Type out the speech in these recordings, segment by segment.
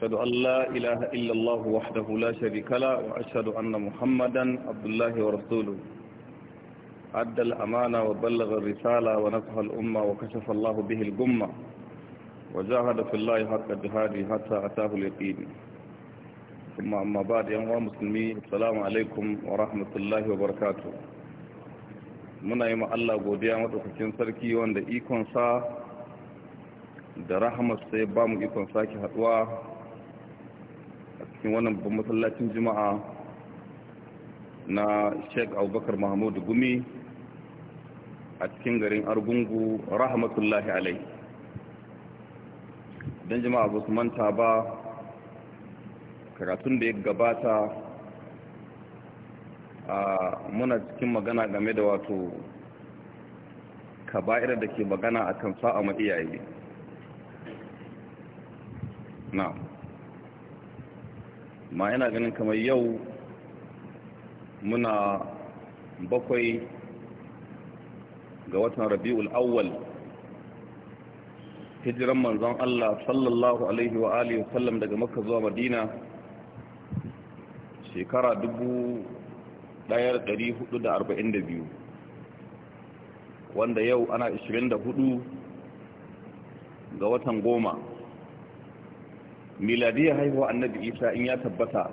أشهد أن لا إله إلا الله وحده لا شريك له وأشهد أن محمدا عبد الله ورسوله أدى الأمانة وبلغ الرسالة ونصح الأمة وكشف الله به الغمة وجاهد في الله حق جهاده حتى أتاه اليقين ثم أما بعد يا مسلمين السلام عليكم ورحمة الله وبركاته muna yi Allah godiya matsakacin sarki wanda ikonsa da rahamar sai ba mu ikon sake haduwa cikin wannan babban masallacin juma'a na sheik abubakar mahmud gumi a cikin garin argungu rahmatullahi alai don jama'a ba su manta ba karatun da ya gabata a muna cikin magana game da wato kaba'ira da ke magana a kan sa'a ma iyaye na ma yana ganin kamar yau muna bakwai ga watan rabi'ul awwal hijiran manzon Allah sallallahu alaihi wa alihi sallam daga makka zuwa madina shekara 1442 wanda yau ana 24 ga watan goma miladiyar haihuwa annabi isa in ya tabbata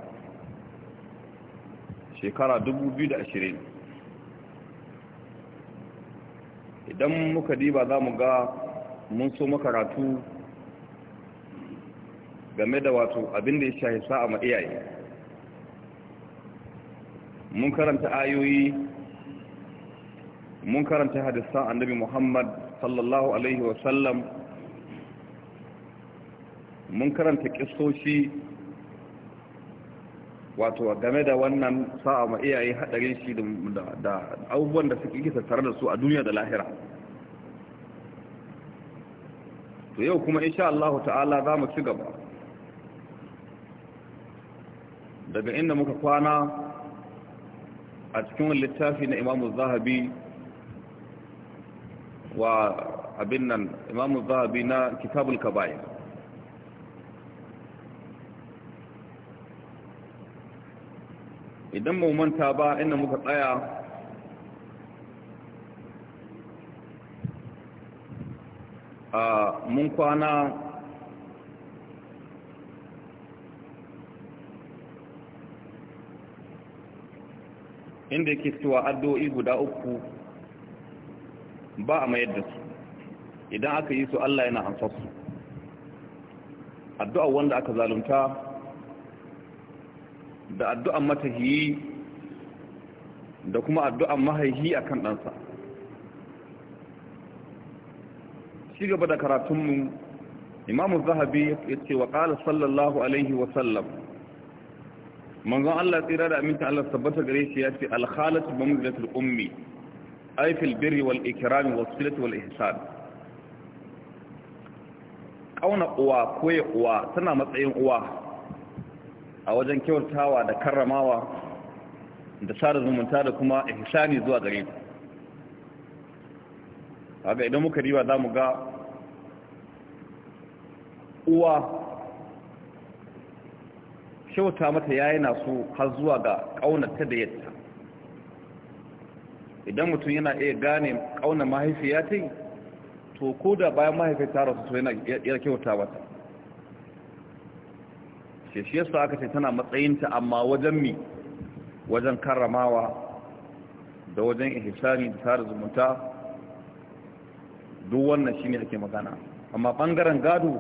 shekara 2020 idan muka diba za mu ga mun so makaratu game da wato abinda ya sha sa'a a iyaye mun karanta ayoyi mun karanta hadisan annabi muhammad sallallahu alaihi wasallam mun karanta kistoshi wato game da wannan sa'a ma iyaye hadarin shi da abubuwan da suke kisa tare da su a duniya da lahira to yau kuma insha Allah ta'ala za mu ci gaba daga inda muka kwana a cikin littafi na imamu zahabi wa abin nan imamu zahabi na kitabul kaba'ir idan mu manta ba inda muka tsaya a mun kwana inda yake cewa addu'o'i guda uku ba a mayar da su idan aka yi su Allah yana amfasu addu'a wanda aka zalunta da addu'an matahiyi da kuma addu'an mahaihi a kan ɗansa shi gaba da karatunmu imamu zahabi ya ce wa ƙala sallallahu alaihi wasallam manzon Allah tsira da aminta Allah sabbata gare shi ya ce alhalatu ba muzilatul ummi aifil birri wal ikirami wal ihsan ƙauna uwa koya uwa tana matsayin uwa a wajen kyautawa da karramawa da sada zumunta da kuma ihsani zuwa gare ku kaga idan muka riba za mu ga uwa kyauta mata ya yi so har zuwa ga ta da yadda idan mutum yana iya gane kaunar mahaifiya ta to ko da bayan mahaifiyar ta rasu to yana kyauta wata ce shi yasa aka ce tana matsayinta amma wajen mi wajen karramawa da wajen ihsani da tare zumunta duk wannan shine ake magana amma bangaren gado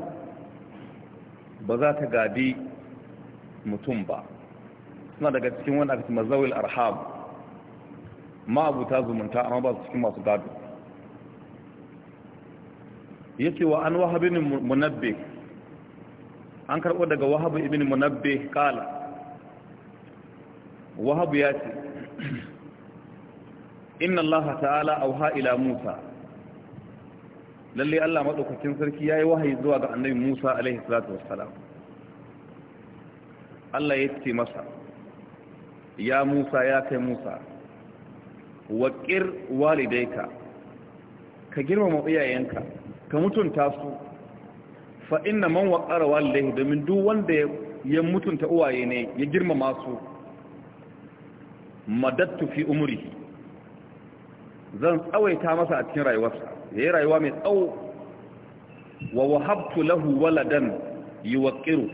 ba za ta gadi mutum ba suna daga cikin wani ake mazawil arham ma'abuta zumunta amma ba su cikin masu gado yake wa an wahabinin munabbe an karɓo daga wahabu ibn munabbe kala wahabu ya ce inna allaha ta'ala auha ila musa lalle allah maɗaukacin sarki ya yi wahayi zuwa ga annabi musa alaihi salatu wassalam allah ya ce masa ya musa ya kai musa waƙir walidaika ka girmama iyayenka ka mutunta su fa inna man waqara walidayhi domin duk wanda ya mutunta uwaye ne ya girmama su madattu fi umri. zan tsawaita masa a cikin rayuwarsa yayi rayuwa mai tsawo wa wahabtu lahu waladan yuwaqqiru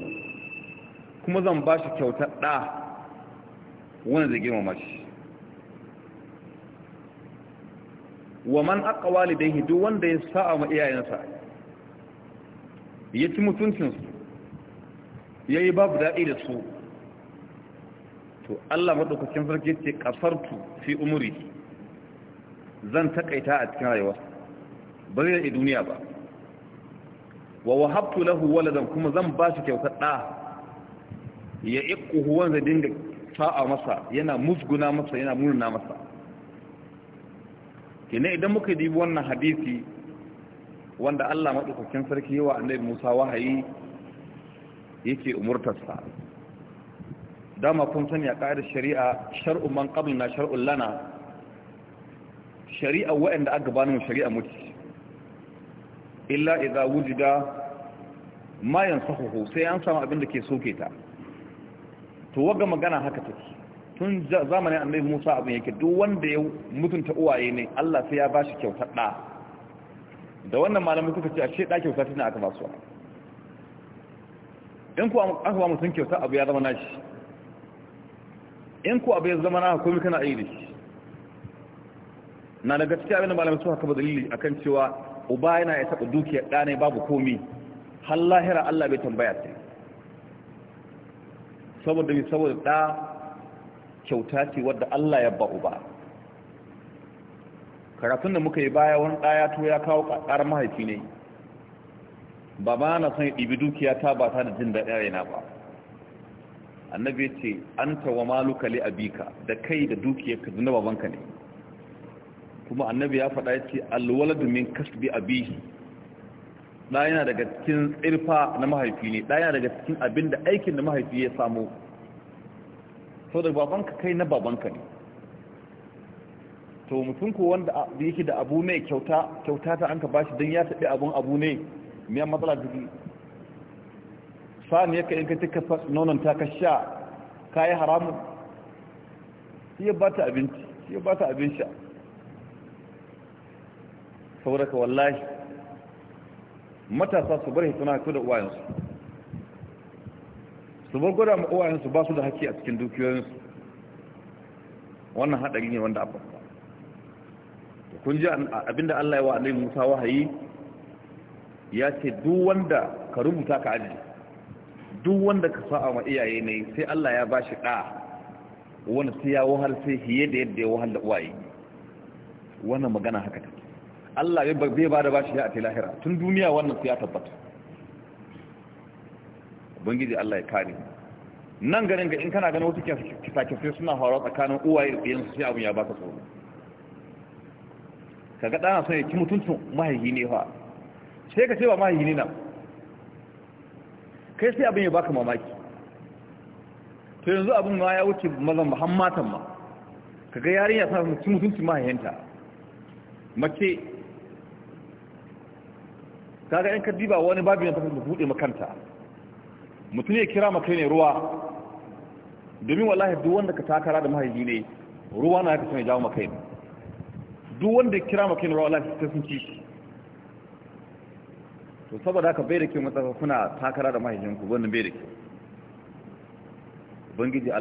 kuma zan ba shi kyautar da wanda zai girmama shi wa man aqwa walidayhi duk wanda ya sa'a ma iyayensa ya ci mutuncinsu ya yi babu daɗi da su to Allah maɗaukacin sarki ce ƙasartu fi umuri zan taƙaita a cikin rayuwa ba zai yi duniya ba wa wahabtu lahu waladan kuma zan ba shi kyautar ɗa ya iku huwan zai dinga sa'a masa yana musguna masa yana murna masa kenan idan muka dibi wannan hadisi wanda Allah maɗaukakin sarki yawa annai Musa wahayi yake umurtarsa dama kun sani a ƙa'idar shari'a shar'u man na shar'u lana shari'a wa'anda aka bani mu shari'a mutu. illa idza wujida ma yansahu sai an samu abin da ke soke ta to waga magana haka take tun zamanin annabi Musa abin yake duk wanda ya mutunta uwaye ne Allah sai ya bashi kyautar da da wannan malamai suka ce a ce ɗakin kyauta tana aka ba su in ku aka ba mutum kyauta abu ya zama nashi in ku abu ya zama na komi kana aiki da shi na daga cikin abin da malamai suka kaba dalili a kan cewa uba yana ya taɓa dukiya ɗanai babu komi har lahira Allah bai tambaya ta saboda mi saboda ɗa kyauta ce wadda Allah ya ba uba karatun da muka yi baya wani ɗaya to ya kawo ƙarar mahaifi ne ba ba na son ya ɗibi dukiya ta ba ta da jin ɗaya yana ba annabi ya ce an tawa maluka li abika da kai da dukiya ka zuna babanka ne kuma annabi ya faɗa ya ce alwaladu min kasbi abihi ɗa yana daga cikin tsirfa na mahaifi ne ɗa yana daga cikin abin da aikin da mahaifi ya samu sau da babanka kai na babanka ne to mutum ko wanda da yake da abu mai kyauta kyauta ta an ka bashi don ya taɓi abun abu ne miyan matsala jiki sa'an ka in ka tuka nonon ta ka sha ka yi haramun shi ya bata abinci shi ya bata abin sha ka wallahi matasa su bari suna haku da uwayensu su bar gwada ma uwayensu ba su da haƙƙi a cikin dukiyoyinsu wannan haɗari ne wanda abu kun ji abinda Allah ya wa annabi Musa wahayi ya ce duk wanda ka rubuta ka aji duk wanda ka sa'a ma iyaye ne sai Allah ya bashi da wani sai ya wahal sai hiye da yadda ya wahal da uwaye wannan magana haka ta Allah bai ba da bashi ya a lahira tun duniya wannan sai ya tabbata ubangiji Allah ya kare nan ganin ga in kana ganin wasu kisa kisa suna horo tsakanin uwaye da yansu sai abun ya baka tsoro kaga ɗana son ya ki mutuncin mahaihi ne fa sai ka ce ba mahaihi ne na kai sai abin ya baka mamaki to yanzu abin ma ya wuce mazan muhammatan ma kaga yarinya ta ci mutuncin mahaihinta mace kaga yan kaddiba wani babu yana tafi buɗe makanta mutum ya kira maka ne ruwa domin wallahi duk wanda ka takara da mahaifi ne ruwa na ka sanya jawo maka ne duk wanda ya kira maka rawar lafi sai sun ci shi to saboda haka bai da ke matsaka kuna takara da mahaifinku wannan bai da ke.